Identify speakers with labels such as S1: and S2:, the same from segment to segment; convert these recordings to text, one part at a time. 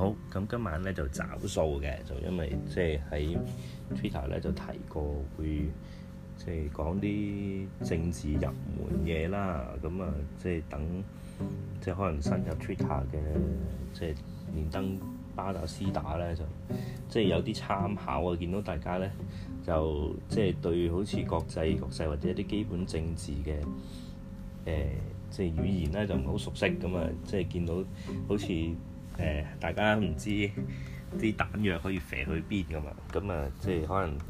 S1: 好，咁今晚咧就找數嘅，就因為即係喺 Twitter 咧就提過會，會即係講啲政治入門嘢啦。咁啊，即係等即係可能新入 Twitter 嘅，即係連登巴打斯打咧，就即係有啲參考啊。見到大家咧，就即係對好似國際國際或者一啲基本政治嘅誒、呃，即係語言咧就唔係好熟悉，咁啊，即係見到好似。誒、呃，大家唔知啲彈藥可以射去邊㗎嘛？咁啊，即係可能誒、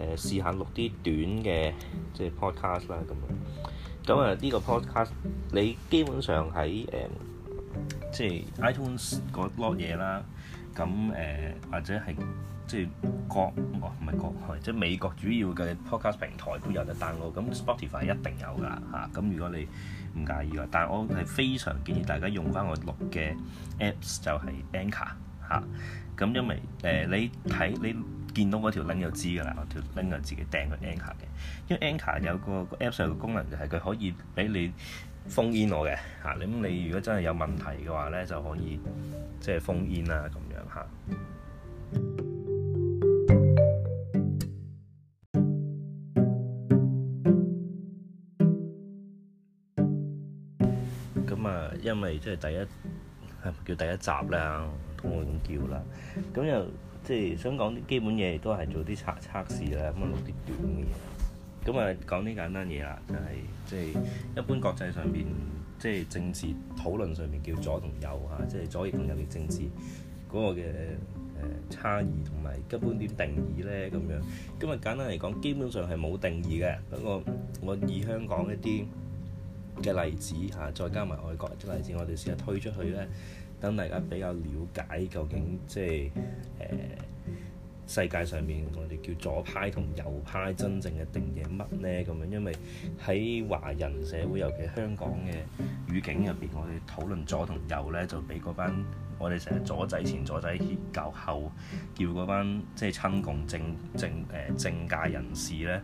S1: 呃、試下錄啲短嘅，即係 podcast 啦咁樣。咁啊，呢、這個 podcast 你基本上喺誒、呃，即係 iTunes 個 load 嘢啦。咁誒、呃，或者係。即係國唔係國外，即係美國主要嘅 podcast 平台都有得 download。咁 Spotify 一定有㗎嚇。咁、啊、如果你唔介意嘅，但係我係非常建議大家用翻我錄嘅 apps，就係 Anchor 嚇、啊。咁因為誒、呃、你睇你見到嗰條 link 就知㗎啦，條 link 就自己訂去 Anchor 嘅。因為 Anchor 有個 apps 有個功能就係佢可以俾你封煙我嘅嚇。咁、啊、你如果真係有問題嘅話咧，就可以即係封煙啊咁樣嚇。啊。咪即係第一，係咪叫第一集啦，我咁叫啦。咁又即係想講啲基本嘢，都係做啲測測試啦，咁啊錄啲短嘅嘢。咁啊講啲簡單嘢啦，就係、係、即係一般國際上邊，即係政治討論上面，叫左同右嚇，即係左翼同右翼政治嗰、嗰個嘅誒、呃、差異同埋根本點定義咧咁樣。咁啊簡單嚟講，基本上係冇定義嘅。不過我以香港一啲嘅例子吓，再加埋外國啲例子，我哋試下推出去咧，等大家比較了解究竟即係誒、呃、世界上面我哋叫左派同右派真正嘅定義係乜呢？咁樣。因為喺華人社會，尤其香港嘅語境入邊，我哋討論左同右咧，就俾嗰班我哋成日左仔前左仔協教後，叫嗰班即係親共政政誒政界人士咧。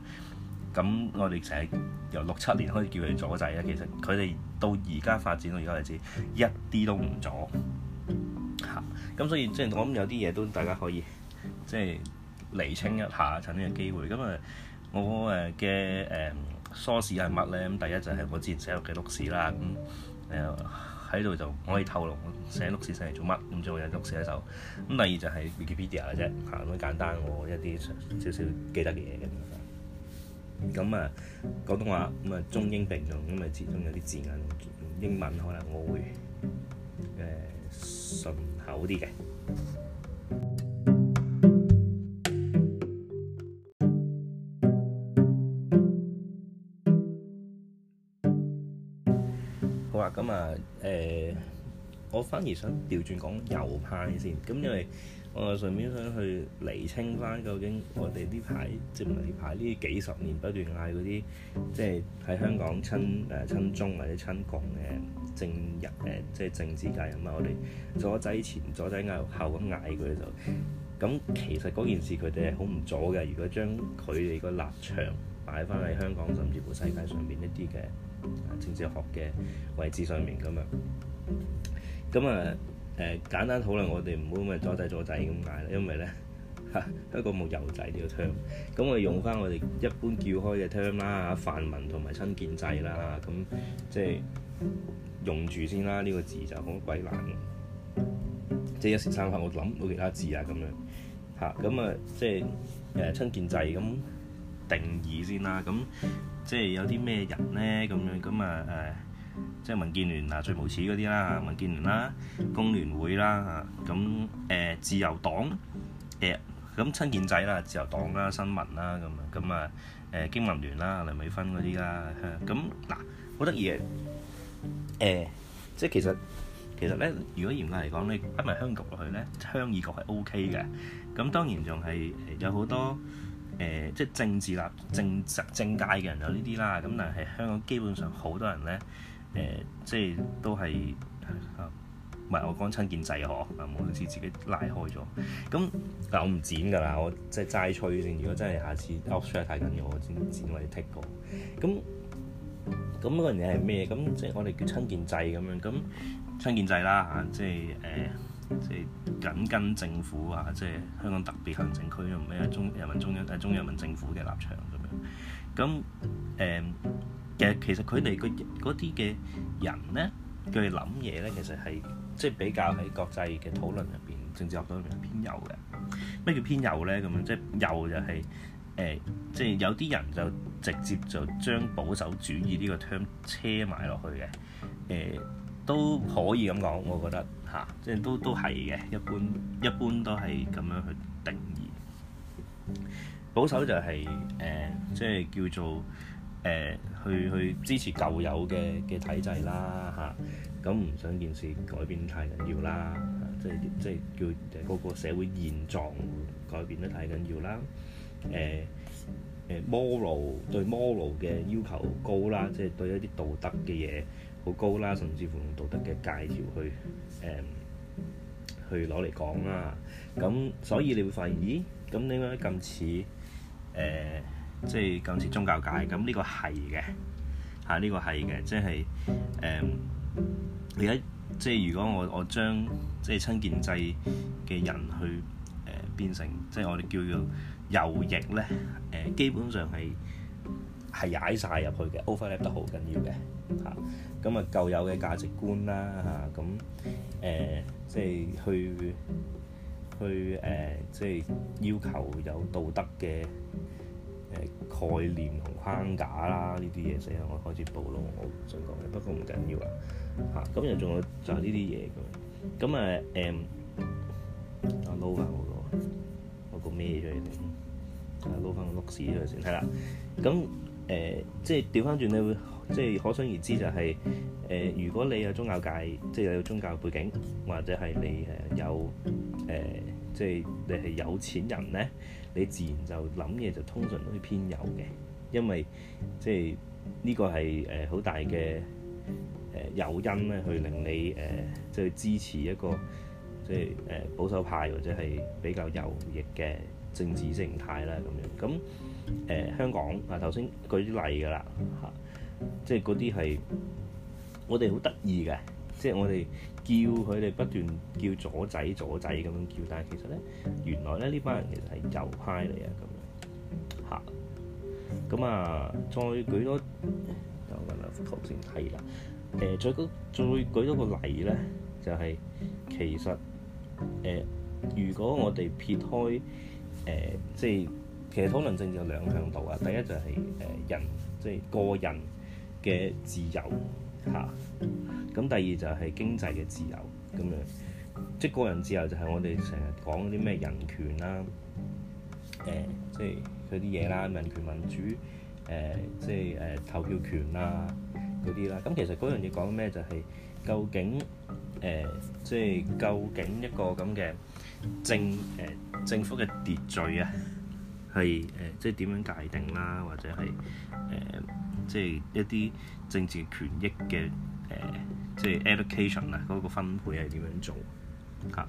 S1: 咁我哋成日由六七年開始叫佢哋阻滯咧，其實佢哋到而家發展到而家嚟講，一啲都唔阻。嚇！咁所以即係我諗有啲嘢都大家可以即係釐清一下趁呢個機會。咁啊，我誒嘅誒 source 係乜咧？咁第一就係我之前寫落嘅錄士啦。咁誒喺度就我可以透露寫錄士寫嚟做乜？咁做嘢錄事就咁。第二就係 Wikipedia 嘅啫。嚇，咁簡單喎，一啲少少記得嘅嘢咁。咁啊，廣東話咁啊，中英並用咁啊，始終有啲字眼，英文可能我會誒順口啲嘅。好啊，咁啊，誒，我反而想調轉講右派先，咁因為。我、啊、順便想去釐清翻，究竟我哋呢排即唔係呢排呢幾十年不斷嗌嗰啲，即係喺香港親誒、呃、親中或者親共嘅政治誒、呃，即係政治界人物，我哋左膠前左膠右後咁嗌佢哋就，咁其實嗰件事佢哋係好唔左嘅。如果將佢哋個立場擺翻喺香港甚至乎世界上邊一啲嘅政治學嘅位置上面咁樣，咁啊～誒、呃、簡單討論， 我哋唔好咪左仔左仔咁嗌啦，因為咧嚇一個冇油仔呢個 term，咁我哋用翻我哋一般叫開嘅 term 啦，泛民同埋親建制啦，咁、啊嗯、即係用住先啦。呢、這個字就好鬼難，即係一時三刻，我諗冇其他字啊咁樣吓？咁啊、嗯、即係誒、呃、親建制咁、嗯、定義先啦，咁、嗯、即係有啲咩人咧咁樣咁啊誒。即係民建聯啊，最無恥嗰啲啦嚇，民建聯啦，工聯會啦嚇，咁誒自由黨誒，咁親建制啦，自由黨啦、呃，新民啦咁啊，咁啊誒經民聯啦，梁美芬嗰啲啦咁嗱好得意嘅誒，即係其實其實咧，如果嚴格嚟講咧，不埋香港落去咧，鄉議局係 O K 嘅，咁當然仲係有好多誒、呃，即係政治立政政界嘅人有呢啲啦，咁但係香港基本上好多人咧。誒、呃，即係都係嚇，唔係、啊、我講親建制嘅呵，啊，無諱似自，自己拉開咗。咁嗱，我唔剪㗎啦，我即係齋吹定。如果真係下次 outshare 睇緊要，我先剪或者剔過。咁咁嗰樣嘢係咩？咁即係我哋叫親建制咁樣。咁親建制啦、啊、嚇、啊，即係誒、啊，即係緊跟政府啊，即係香港特別行政區啊，咩中人民中央啊，中央人民政府嘅立場咁、啊、樣。咁誒。啊呃其實佢哋嗰啲嘅人咧，佢哋諗嘢咧，其實係即係比較喺國際嘅討論入邊政治學討論入邊偏右嘅。咩叫偏右咧？咁樣即係右就係、是、誒、呃，即係有啲人就直接就將保守主義呢個 term 車埋落去嘅。誒、呃、都可以咁講，我覺得嚇、啊，即係都都係嘅。一般一般都係咁樣去定義。保守就係、是、誒、呃，即係叫做。誒，去去支持舊有嘅嘅體制啦嚇，咁、啊、唔想件事改變太緊要啦，啊、即係即係叫個個社會現狀改變得太緊要啦。誒、啊、誒、啊、moral 對 moral 嘅要求高啦，即係對一啲道德嘅嘢好高啦，甚至乎用道德嘅戒條去誒、啊、去攞嚟講啦。咁、啊、所以你會發現，咦？咁點解咁似誒？啊即係今次宗教界咁呢個係嘅嚇，呢、啊呢個係嘅，即係誒。而、嗯、家即係如果我我將即係親建制嘅人去誒、呃、變成即係我哋叫做右翼咧誒、呃，基本上係係踩晒入去嘅 overlap 得好緊要嘅嚇。咁啊，舊有嘅價值觀啦嚇，咁誒即係去去誒，即係、呃、要求有道德嘅。誒概念同框架啦，呢啲嘢先我開始暴露我想講嘅，不過唔緊要啊嚇。咁又仲有就係呢啲嘢㗎。咁誒誒，我撈翻好多，我個咩出嚟先？我撈翻個碌屎出嚟先。係啦。咁誒、呃，即係調翻轉，你會即係可想而知就係、是、誒、呃，如果你有宗教界，即係有宗教背景，或者係你誒有誒、呃，即係你係有錢人咧。你自然就諗嘢就通常都係偏右嘅，因為即係呢個係誒好大嘅誒誘因咧，去令你誒、呃、即係支持一個即係誒、呃、保守派或者係比較右翼嘅政治形態啦。咁樣咁誒、呃、香港啊，頭先舉啲例㗎啦嚇，即係嗰啲係我哋好得意嘅。即係我哋叫佢哋不斷叫左仔左仔咁樣叫，但係其實咧，原來咧呢班人其實係右派嚟啊咁樣嚇。咁、嗯、啊，再舉多，等我揾兩幅圖先。係啦，誒，再再舉多個例咧，就係、是、其實誒、呃，如果我哋撇開誒、呃，即係其實討論性就兩向度啊。第一就係、是、誒、呃、人，即係個人嘅自由。嚇！咁第二就係經濟嘅自由，咁啊，即個人自由就係我哋成日講嗰啲咩人權啦，誒、呃，即係嗰啲嘢啦，民權民主，誒、呃，即係誒、呃、投票權啦，嗰啲啦。咁其實嗰樣嘢講緊咩？就係究竟誒、呃，即係究竟一個咁嘅政誒、呃、政府嘅秩序啊，係、呃、誒，即係點樣界定啦，或者係誒、呃即係一啲政治權益嘅誒、呃，即係 education 啊，嗰個分配係點樣做啊？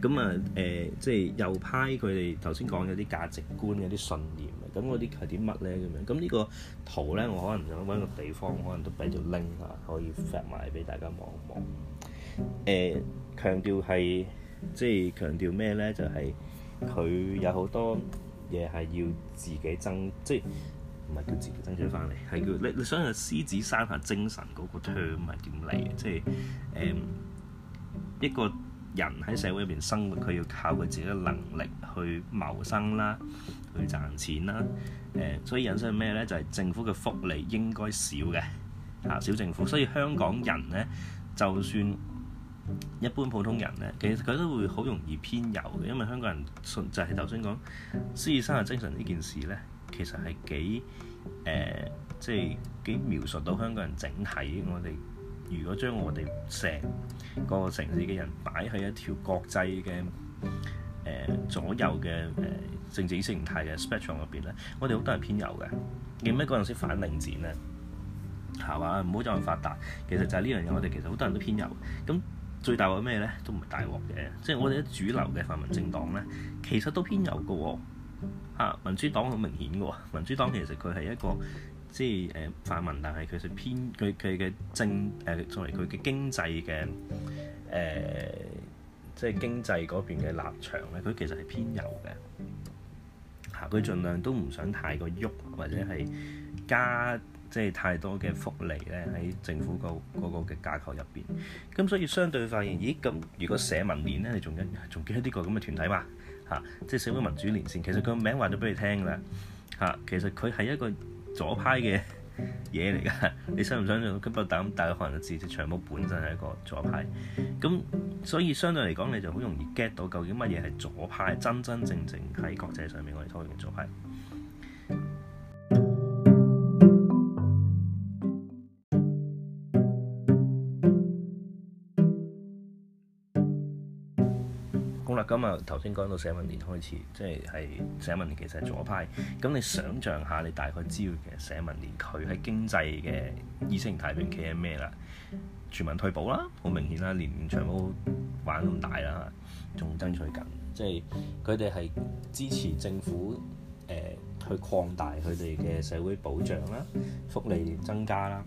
S1: 咁啊誒，即係右派佢哋頭先講有啲價值觀、有啲信念，咁嗰啲係啲乜咧？咁樣咁呢個圖咧，我可能就揾個地方，可能都俾條 link 啊，可以發埋俾大家望一望。誒、呃，強調係即係強調咩咧？就係、是、佢有好多嘢係要自己爭，即係。唔係叫自己爭取翻嚟，係叫你你想下獅子山下精神嗰個 term 係點嚟嘅？即係誒一個人喺社會入邊生活，佢要靠佢自己嘅能力去謀生啦，去賺錢啦。誒、嗯，所以引申咩咧？就係、是、政府嘅福利應該少嘅嚇，小政府。所以香港人咧，就算一般普通人咧，其實佢都會好容易偏右嘅，因為香港人就係頭先講獅子山下精神呢件事咧。其實係幾誒，即係幾描述到香港人整體。我哋如果將我哋成個城市嘅人擺喺一條國際嘅誒左右嘅誒、呃、政治意識形態嘅 spectrum 入邊咧，我哋好多人偏右嘅。記唔記得嗰陣時反領展啊？係嘛？唔好再咁發達。其實就係呢樣嘢，我哋其實好多人都偏右。咁最大鑊咩咧？都唔係大鑊嘅。即係我哋啲主流嘅泛民政黨咧，其實都偏右嘅喎。嚇、啊，民主黨好明顯嘅喎，民主黨其實佢係一個即係誒、呃、泛民，但係、呃呃、其實偏佢佢嘅政誒作為佢嘅經濟嘅誒，即係經濟嗰邊嘅立場咧，佢其實係偏右嘅。嚇，佢儘量都唔想太過喐或者係加即係太多嘅福利咧喺政府、嗰個個嘅架構入邊。咁所以相對發現，咦咁如果社民連咧，你仲仲記得呢個咁嘅團體嘛？嚇！即係社會民主連線，其實佢個名話咗俾你聽㗎啦。嚇！其實佢係一個左派嘅嘢嚟㗎。你相唔相信？佢不膽，大家可能就知，長毛本身係一個左派。咁所以相對嚟講，你就好容易 get 到究竟乜嘢係左派，真真正正喺國際上面我哋討論嘅左派。好啦咁啊，頭先講到社民聯開始，即係係社民聯其實係左派。咁你想象下，你大概知道嘅社民聯佢喺經濟嘅意識形態邊企喺咩啦？全民退保啦，好明顯啦，連長毛都玩咁大啦，仲爭取緊、嗯，即係佢哋係支持政府誒、呃、去擴大佢哋嘅社會保障啦、福利增加啦。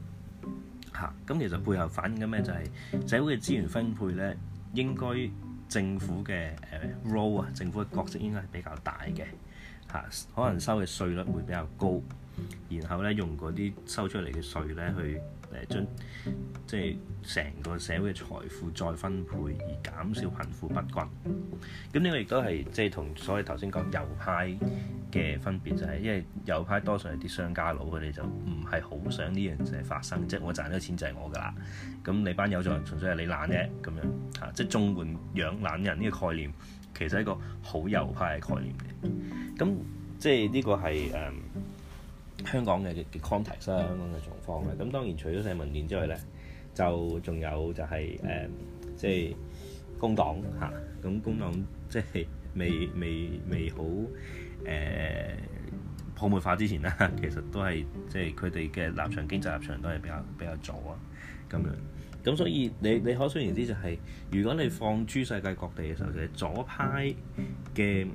S1: 嚇、嗯，咁、啊、其實背後反映緊咩就係、是、社會嘅資源分配咧，應該。政府嘅 role 啊，政府嘅角色應該係比較大嘅，吓，可能收嘅稅率會比較高，然後咧用嗰啲收出嚟嘅稅咧去誒將即係成個社會嘅財富再分配而減少貧富不均，咁呢個亦都係即係同所謂頭先講右派。嘅分別就係、是，因為右派多數係啲商家佬，佢哋就唔係好想呢樣嘢發生，即係我賺咗錢就係我㗎啦。咁你班友就純粹係你懶啫，咁樣嚇，即係綜援養懶人呢個概念，其實係一個好右派嘅概念嚟。咁即係呢個係誒、嗯、香港嘅嘅 context 香港嘅狀況咧。咁當然除咗社民連之外咧，就仲有就係、是、誒、嗯、即係工黨嚇。咁、嗯、工黨即係未未未好。誒、嗯、泡沫化之前啦，其實都係即係佢哋嘅立場、經濟立場都係比較比較左啊，咁樣咁所以你你可想而知，就係、是，如果你放諸世界各地嘅時候，就係、是、左派嘅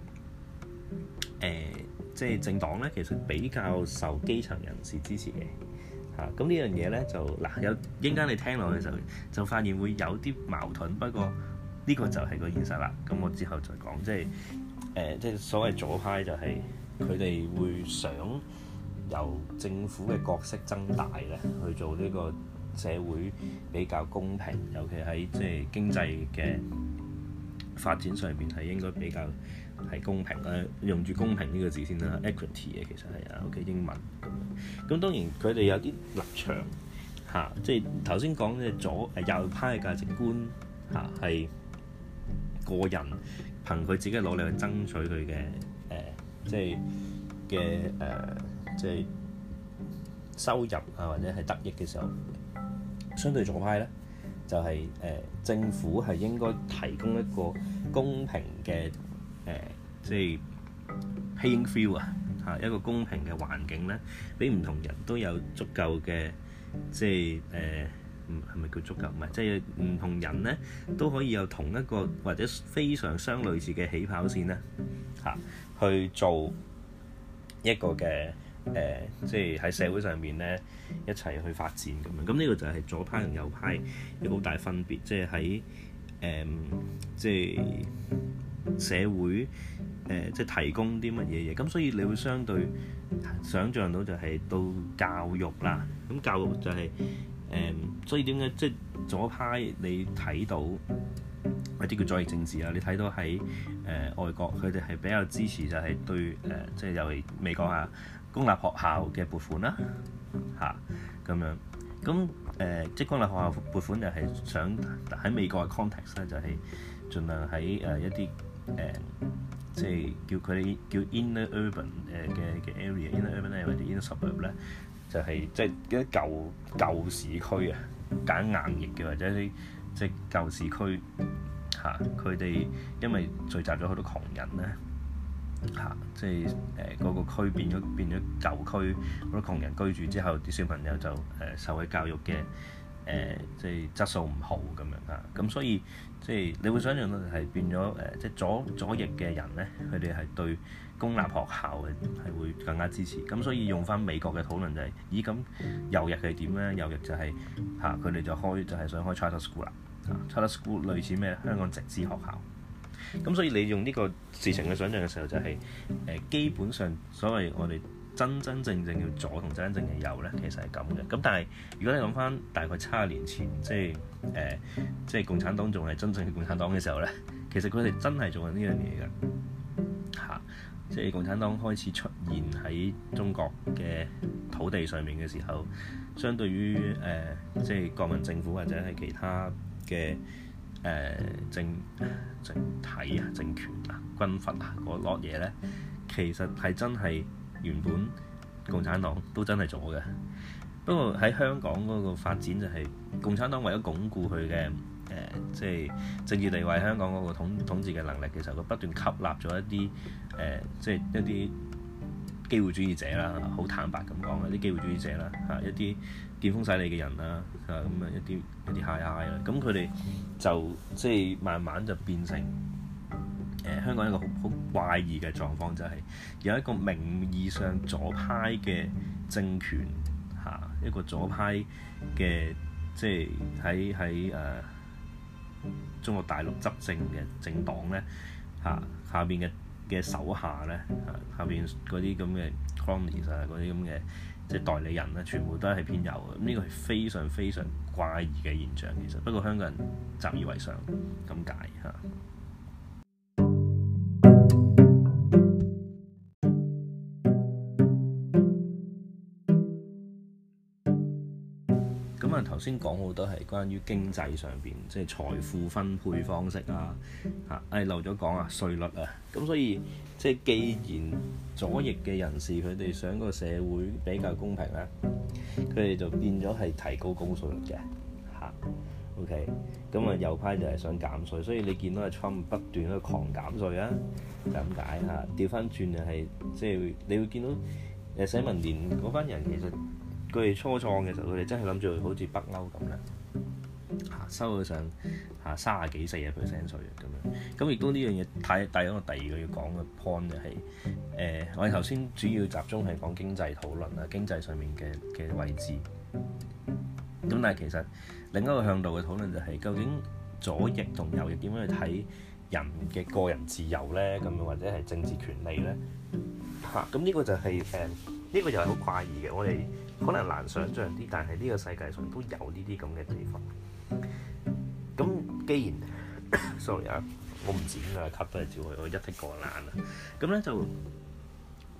S1: 誒即係政黨咧，其實比較受基層人士支持嘅嚇，咁呢樣嘢咧就嗱有一陣間你聽落去嘅時候，就發現會有啲矛盾，不過呢、這個就係個現實啦，咁我之後再講即係。誒，即係所謂左派就係佢哋會想由政府嘅角色增大咧，去做呢個社會比較公平，尤其喺即係經濟嘅發展上面，係應該比較係公平咧、啊。用住公平呢個字先啦，equity 嘅其實係啊，OK 英文咁樣。咁當然佢哋有啲立場嚇，即係頭先講嘅左誒右派嘅價值觀嚇係、啊、個人。憑佢自己嘅努力去爭取佢嘅誒，即係嘅誒，即係收入啊，或者係得益嘅時候，相對左派咧，就係、是、誒、呃、政府係應該提供一個公平嘅誒，呃、即係 playing field 啊，嚇一個公平嘅環境咧，俾唔同人都有足夠嘅即係誒。呃係咪叫足球？唔係，即係唔同人咧都可以有同一個或者非常相類似嘅起跑線啦，嚇、啊，去做一個嘅誒、呃，即係喺社會上面咧一齊去發展咁樣。咁呢個就係左派同右派有好大分別，即係喺誒即係社會誒、呃、即係提供啲乜嘢嘢。咁所以你會相對想像到就係到教育啦。咁教育就係、是。誒、嗯，所以點解即左派你睇到或者叫左翼政治啊？你睇到喺誒、呃、外國，佢哋係比較支持就係對誒，即、呃、係、就是、尤其美國啊，公立學校嘅撥款啦，嚇、啊、咁樣。咁誒、呃，即公立學校撥款就係想喺美國嘅 context 咧、呃呃，就係盡量喺誒一啲誒，即係叫佢哋叫 inner urban 誒、呃、嘅嘅 area，inner urban 咧或者 inner suburb 咧。就係即係一舊舊市區啊，揀硬譯嘅，或者啲即係舊市區嚇，佢、啊、哋因為聚集咗好多窮人咧嚇、啊，即係誒嗰個區變咗變咗舊區，好多窮人居住之後，啲小朋友就誒、呃、受喺教育嘅。誒、呃，即係質素唔好咁樣嚇，咁、嗯、所以即係你會想象到係變咗誒、呃，即係左左翼嘅人咧，佢哋係對公立學校嘅係會更加支持。咁、嗯、所以用翻美國嘅討論就係、是，咦咁右翼係點咧？右翼就係、是、嚇，佢、啊、哋就開就係、是、想開 charter school 啦、啊，嚇 charter school 類似咩香港直資學校。咁、嗯、所以你用呢個事情嘅想象嘅時候就係、是、誒、呃，基本上所謂我哋。真真正正要左同真正嘅右呢，其實係咁嘅。咁但係如果你諗翻大概七十年前，即係誒、呃，即係共產黨仲係真正嘅共產黨嘅時候呢，其實佢哋真係做緊呢樣嘢嘅嚇。即係共產黨開始出現喺中國嘅土地上面嘅時候，相對於誒、呃，即係國民政府或者係其他嘅誒、呃、政政體啊、政權啊、軍閥啊嗰啲嘢呢，其實係真係。原本共產黨都真係左嘅，不過喺香港嗰個發展就係、是、共產黨為咗鞏固佢嘅誒，即係政治地位、香港嗰個統統治嘅能力，其實佢不斷吸納咗一啲誒，即、呃、係、就是、一啲機會主義者啦，好坦白咁講，一啲機會主義者啦，嚇、啊、一啲見風使舵嘅人啦，嚇，咁啊一啲一啲嗨嗨啦，咁佢哋就即係、就是、慢慢就變成。誒香港一個好好怪異嘅狀況就係有一個名義上左派嘅政權嚇，一個左派嘅即係喺喺誒中國大陸執政嘅政黨咧嚇，下邊嘅嘅手下咧嚇，下邊嗰啲咁嘅 cronies 啊，嗰啲咁嘅即係代理人咧，全部都係偏右嘅，咁呢個係非常非常怪異嘅現象，其實不過香港人習以為常咁解嚇。頭先講好多係關於經濟上邊，即係財富分配方式啊，嚇、哎，誒漏咗講啊，稅率啊，咁所以即係既然左翼嘅人士佢哋想個社會比較公平咧，佢哋就變咗係提高公稅率嘅，嚇、啊、，OK，咁啊右派就係想減稅，所以你見到阿川不斷去狂減稅啊，就咁、是、解嚇，調翻轉就係即係你會見到誒社民連嗰班人其實。佢哋初創嘅時候，佢哋真係諗住好似北歐咁啦，嚇收咗上嚇三啊幾四啊 percent 稅咁樣。咁亦、啊、都呢樣嘢太大咗。第二個要講嘅 point 就係、是、誒、呃，我哋頭先主要集中係講經濟討論啦，經濟上面嘅嘅位置。咁但係其實另一個向度嘅討論就係、是、究竟左翼同右翼點樣去睇人嘅個人自由咧？咁樣或者係政治權利咧？嚇咁呢個就係誒呢個又係好怪異嘅。我哋可能難想像啲，但係呢個世界上都有呢啲咁嘅地方。咁既然 ，sorry 啊，我唔剪啊，c 都係照佢。我一剔過難啊。咁咧就，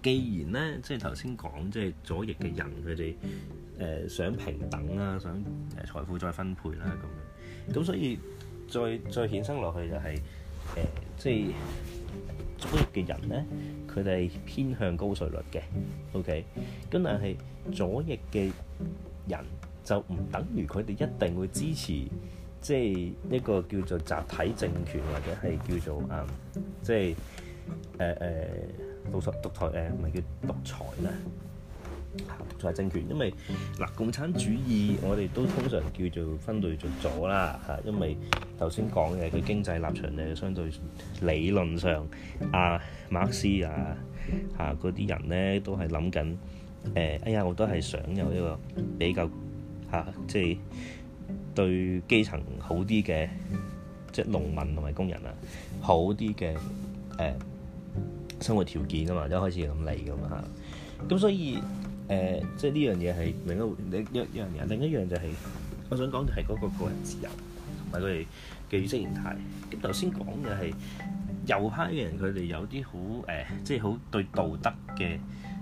S1: 既然咧，即係頭先講，即係左翼嘅人佢哋誒想平等啦，想誒、呃、財富再分配啦咁。咁所以再再衍生落去就係誒即係。左翼嘅人咧，佢哋偏向高稅率嘅，OK，咁但係左翼嘅人就唔等於佢哋一定會支持，即係一個叫做集體政權或者係叫做啊、嗯，即係誒誒獨獨獨裁誒，唔、呃、係叫獨裁啦。啊，在政權，因為嗱共產主義，我哋都通常叫做分類做咗啦，嚇、啊，因為頭先講嘅佢經濟立場咧，相對理論上，阿、啊、馬克思啊，嚇嗰啲人咧都係諗緊，誒、欸，哎呀，我都係想有一個比較嚇、啊，即係對基層好啲嘅，即、就、係、是、農民同埋工人啊，好啲嘅誒生活條件啊嘛，一開始咁嚟噶嘛，咁、啊、所以。誒、呃，即係呢樣嘢係另一，你一一樣嘢，另一樣就係、是、我想講就係嗰、那個個人自由同埋佢哋嘅意識形態。咁頭先講嘅係右派嘅人，佢哋有啲好誒，即係好對道德嘅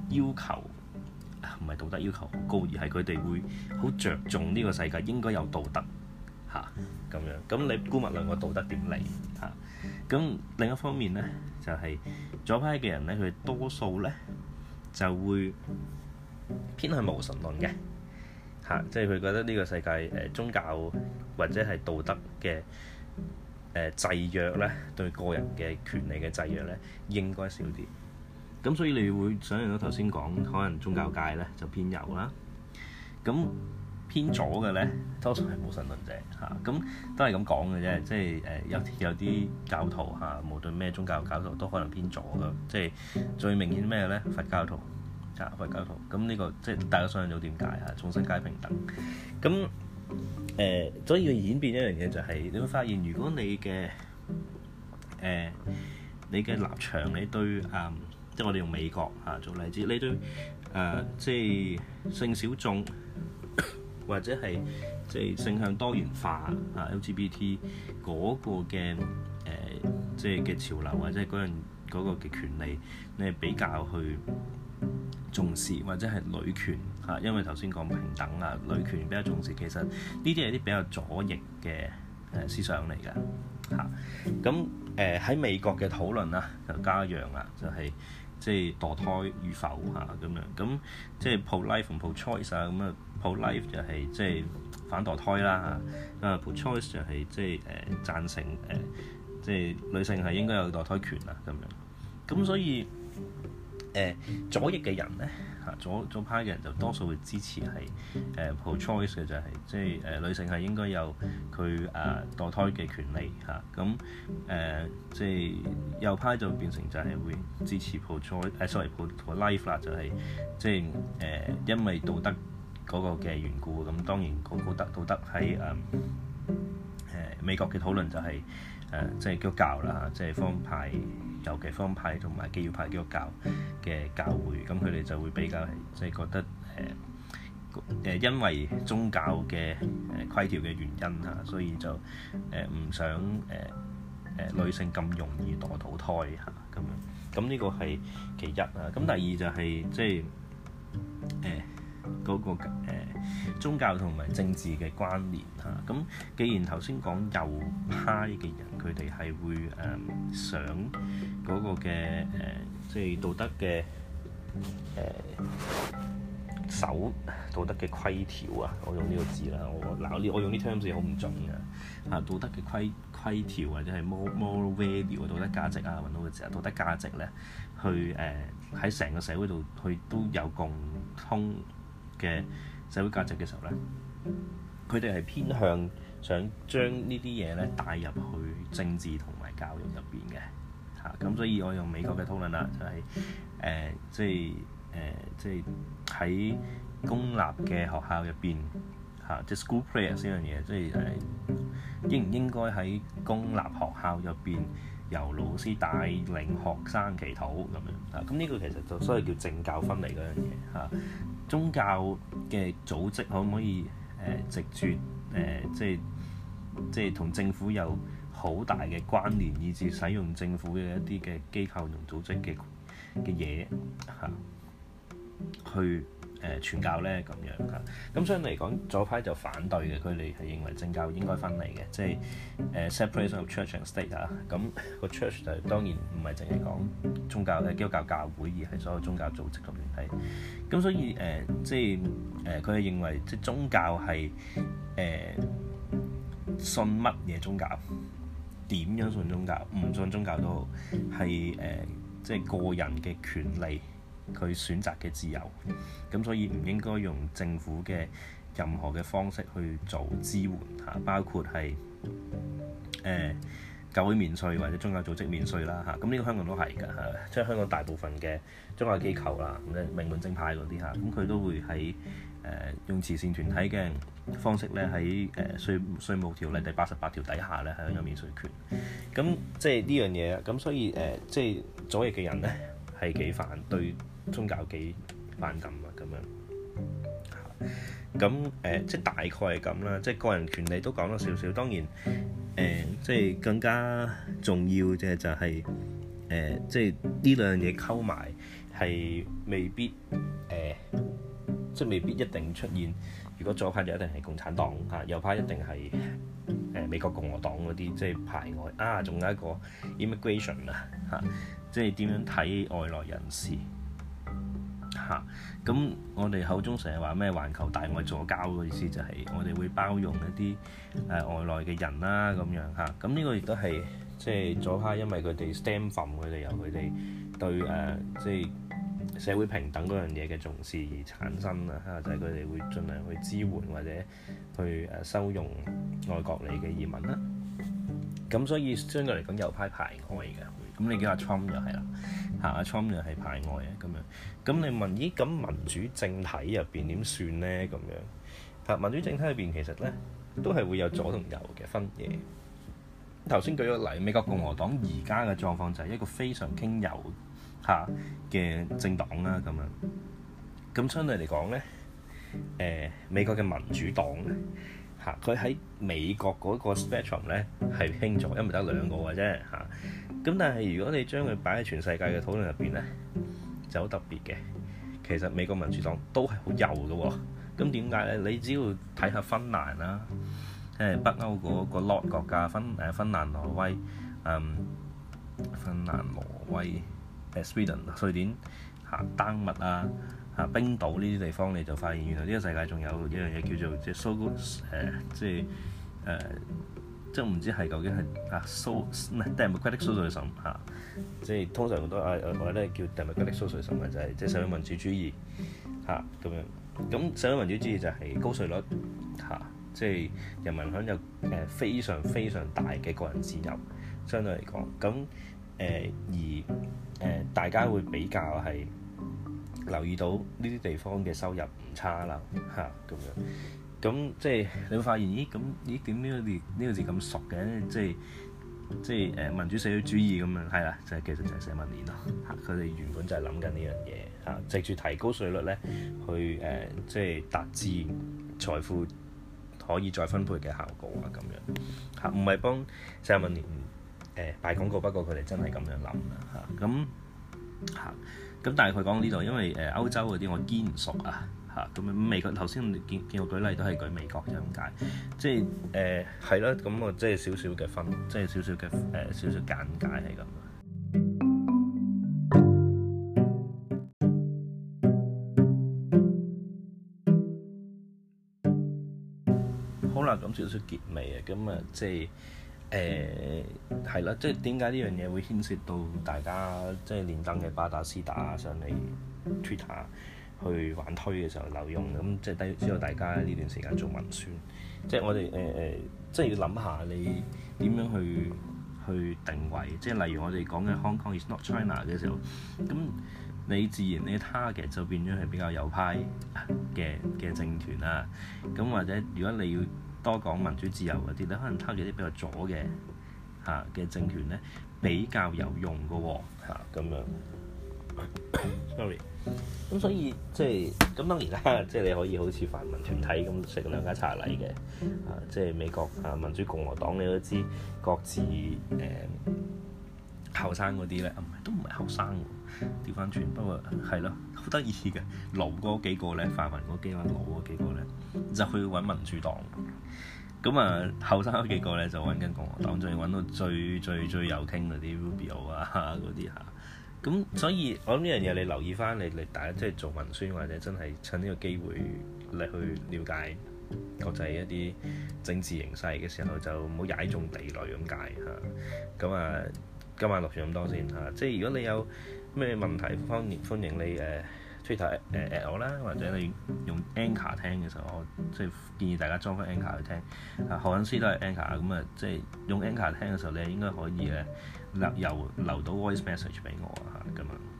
S1: 要求唔係道德要求好高，而係佢哋會好着重呢個世界應該有道德嚇咁、啊、樣。咁你估物論個道德點嚟嚇？咁、啊、另一方面咧，就係、是、左派嘅人咧，佢多數咧就會。偏向無神論嘅嚇、啊，即係佢覺得呢個世界誒、呃、宗教或者係道德嘅誒、呃、制約咧，對個人嘅權利嘅制約咧應該少啲。咁所以你會想像到頭先講，可能宗教界咧就偏右啦。咁偏左嘅咧，多數係無神論者嚇。咁、啊、都係咁講嘅啫，即係誒、呃、有有啲教徒嚇、啊，無論咩宗教教徒都可能偏左嘅。即係最明顯咩咧？佛教徒。啊，廢膠桶咁呢個即係大家想上咗點解啊？眾生皆平等咁誒、嗯呃，所以要演變一樣嘢就係、是，你會發現如果你嘅誒、呃、你嘅立場，你對誒、嗯、即係我哋用美國啊做例子，你對誒、啊、即係性小眾或者係即係性向多元化啊 LGBT 嗰個嘅誒、呃、即係嘅潮流或者係嗰樣嗰個嘅、那個、權利，你係比較去。重視或者係女權嚇，因為頭先講平等啊，女權比較重視。其實呢啲係啲比較左翼嘅誒思想嚟㗎嚇。咁誒喺美國嘅討論啦，就加樣啦，就係即係墮胎與否嚇咁樣。咁即係 pro life 同 pro choice 啊咁啊。pro life 就係即係反墮胎啦，咁啊 pro choice 就係即係誒贊成誒即係女性係應該有墮胎權啊咁樣。咁所以。誒、呃、左翼嘅人呢嚇左左派嘅人就多數會支持係誒 pro choice 嘅，就係即係誒女性係應該有佢啊墮胎嘅權利嚇，咁誒即係右派就變成就係會支持 pro choice 誒 sorry pro pro life 啦，就係即係誒因為道德嗰個嘅緣故，咁當然個個道德喺誒誒美國嘅討論就係、是。誒、呃，即係基督教啦，即係方派、尤其方派同埋基要派基督教嘅教會，咁佢哋就會比較，即係覺得誒誒、呃，因為宗教嘅誒、呃、規條嘅原因啊，所以就誒唔、呃、想誒誒、呃呃、女性咁容易墮胎嚇咁、啊、樣。咁呢個係其一啊。咁第二就係、是、即係誒。呃嗰、那個、呃、宗教同埋政治嘅關聯嚇，咁、啊、既然頭先講右派嘅人，佢哋係會誒、嗯、想嗰個嘅誒、呃，即係道德嘅誒、呃、守道德嘅規條啊。我用呢個字啦，我嗱我我用啲 terms 好唔準嘅嚇、啊，道德嘅規規條或者係 more moral value 道德價值啊，揾到個字啊，道德價值咧去誒喺成個社會度去都有共通。嘅社會價值嘅時候咧，佢哋係偏向想將呢啲嘢咧帶入去政治同埋教育入邊嘅嚇。咁所以我用美國嘅討論啦，就係、是、誒、呃，即係誒、呃，即係喺、呃、公立嘅學校入邊嚇，即係 school prayer 呢樣嘢，即係誒應唔應該喺公立學校入邊由老師帶領學生祈禱咁樣啊？咁呢個其實就所謂叫政教分離嗰樣嘢嚇。啊宗教嘅組織可唔可以誒、呃、直接誒即係，即係同政府有好大嘅關聯，以致使用政府嘅一啲嘅機構同組織嘅嘅嘢嚇去，誒、呃、傳教咧咁樣㗎，咁相對嚟講左派就反對嘅，佢哋係認為政教應該分離嘅，即係誒、呃、separation of church and state 啊。咁個 church 就當然唔係淨係講宗教嘅基督教教會，而係所有宗教組織咁樣係。咁所以誒、呃，即係誒佢哋認為即係宗教係誒、呃、信乜嘢宗教，點樣信宗教，唔信宗教都好，係誒、呃、即係個人嘅權利。佢選擇嘅自由，咁所以唔應該用政府嘅任何嘅方式去做支援嚇、啊，包括係誒、呃、教會免稅或者宗教組織免稅啦嚇，咁、啊、呢、這個香港都係㗎，係即係香港大部分嘅宗教機構啦，咁、啊、嘅名門正派嗰啲嚇，咁、啊、佢都會喺誒、呃、用慈善團體嘅方式咧喺誒稅稅務條例第八十八條底下咧係享有免稅權，咁、嗯、即係呢樣嘢啦，咁所以誒、呃、即係左翼嘅人咧係幾反對。宗教幾敏感啊咁樣，咁誒、呃、即係大概係咁啦，即係個人權利都講咗少少。當然誒、呃，即係更加重要嘅就係、是、誒、呃，即係呢兩樣嘢溝埋係未必誒、呃，即係未必一定出現。如果左派就一定係共產黨嚇，右派一定係誒、呃、美國共和黨嗰啲，即係排外啊。仲有一個 immigration 啊嚇，即係點樣睇外來人士？嚇，咁我哋口中成日話咩環球大愛左膠嘅意思就係我哋會包容一啲誒外來嘅人啦，咁樣嚇。咁呢個亦都係即係左派，因為佢哋 stem from，佢哋由佢哋對誒即係社會平等嗰樣嘢嘅重視而產生啦嚇，就係佢哋會盡量去支援或者去誒收容外國嚟嘅移民啦。咁所以相對嚟講，右派排開嘅。咁你叫阿 Trump 就係啦，嚇阿 Trump 就係排外嘅咁樣。咁你問咦？咁民主政體入邊點算呢？咁樣，民主政體入邊其實呢，都係會有左同右嘅分野。頭先舉個例，美國共和黨而家嘅狀況就係一個非常傾右嚇嘅政黨啦。咁樣，咁相對嚟講呢，誒、呃、美國嘅民主黨呢。佢喺美國嗰個 spectrum 咧係輕咗，因為得兩個嘅啫嚇。咁但係如果你將佢擺喺全世界嘅討論入邊咧，就好特別嘅。其實美國民主黨都係好幼嘅喎。咁點解咧？你只要睇下芬蘭啦、啊，誒北歐嗰、嗰個 lot 國家芬誒芬蘭、挪威、嗯芬蘭、挪威 Sweden 瑞典啊、丹麥啊。嚇冰島呢啲地方，你就發現原來呢個世界仲有一樣嘢叫做即係 so 誒，即係誒，即係唔知係究竟係啊蘇唔 Democratic socialism 嚇？即係通、啊啊啊啊、常都誒誒話咧叫，叫 Democratic socialism 咪就係、是、即係社會民主主義嚇咁、啊、樣。咁社會民主主義就係高稅率嚇、啊，即係人民享有誒非常非常大嘅個人自由，相對嚟講咁誒而誒、呃、大家會比較係。留意到呢啲地方嘅收入唔差啦，嚇、啊、咁樣，咁即係你會發現，咦咁咦點呢個字呢、呢個字咁熟嘅？即係即係誒民主社會主義咁樣，係啦，即係其實就係社民連咯。佢、啊、哋原本就係諗緊呢樣嘢嚇，藉住提高稅率咧，去誒、啊、即係達至財富可以再分配嘅效果啊咁樣嚇，唔、啊、係幫社民連誒擺廣告，不過佢哋真係咁樣諗啦嚇，咁、啊、嚇。啊啊啊咁但係佢講呢度，因為誒、呃、歐洲嗰啲我堅唔熟啊，嚇，咁啊美國頭先見見我舉例都係舉美國，就咁解，即係誒係啦，咁、呃、我即係少少嘅分，即係少少嘅誒少少簡介係咁。呃、小小 好啦，咁少少結尾啊，咁啊即係。誒係啦，即係點解呢樣嘢會牽涉到大家，即係連登嘅巴打斯打上嚟 Twitter 去玩推嘅時候流用咁，即係低知道大家呢段時間做文宣，即係我哋誒誒，即係要諗下你點樣去去定位，即係例如我哋講嘅 Hong Kong is not China 嘅時候，咁你自然咧，他嘅就變咗係比較右派嘅嘅政團啦。咁或者如果你要，多講民主自由嗰啲咧，可能偷住啲比較左嘅嚇嘅政權咧，比較有用嘅喎咁樣。sorry。咁所以即係咁當然啦，即係你可以好似泛民團體咁食兩家茶禮嘅嚇，即係美國啊民主共和黨你都知各自誒。嗯後生嗰啲咧，唔係、啊、都唔係後生喎，調翻轉。不過係咯，好得意嘅老嗰幾個咧，泛民嗰幾班老嗰幾個咧，就去揾民主黨。咁啊，後生嗰幾個咧就揾緊共和黨，最揾到最最最有傾嗰啲 Rubio 啊嗰啲嚇。咁所以我諗呢樣嘢你留意翻，你你大家即係做文宣或者真係趁呢個機會嚟去了解國際一啲政治形勢嘅時候，就唔好踩中地雷咁解嚇。咁啊～今晚錄完咁多先嚇，即係如果你有咩問題，歡迎歡迎你誒、uh, Twitter 誒 at 我啦、uh,，或者你用 Anchor 聽嘅時候，我即係建議大家裝翻 Anchor 去聽，啊、何韻詩都係 Anchor 咁啊，即係用 Anchor 聽嘅時候你應該可以咧、啊、留留，留到 Voice Message 俾我嚇，咁啊。今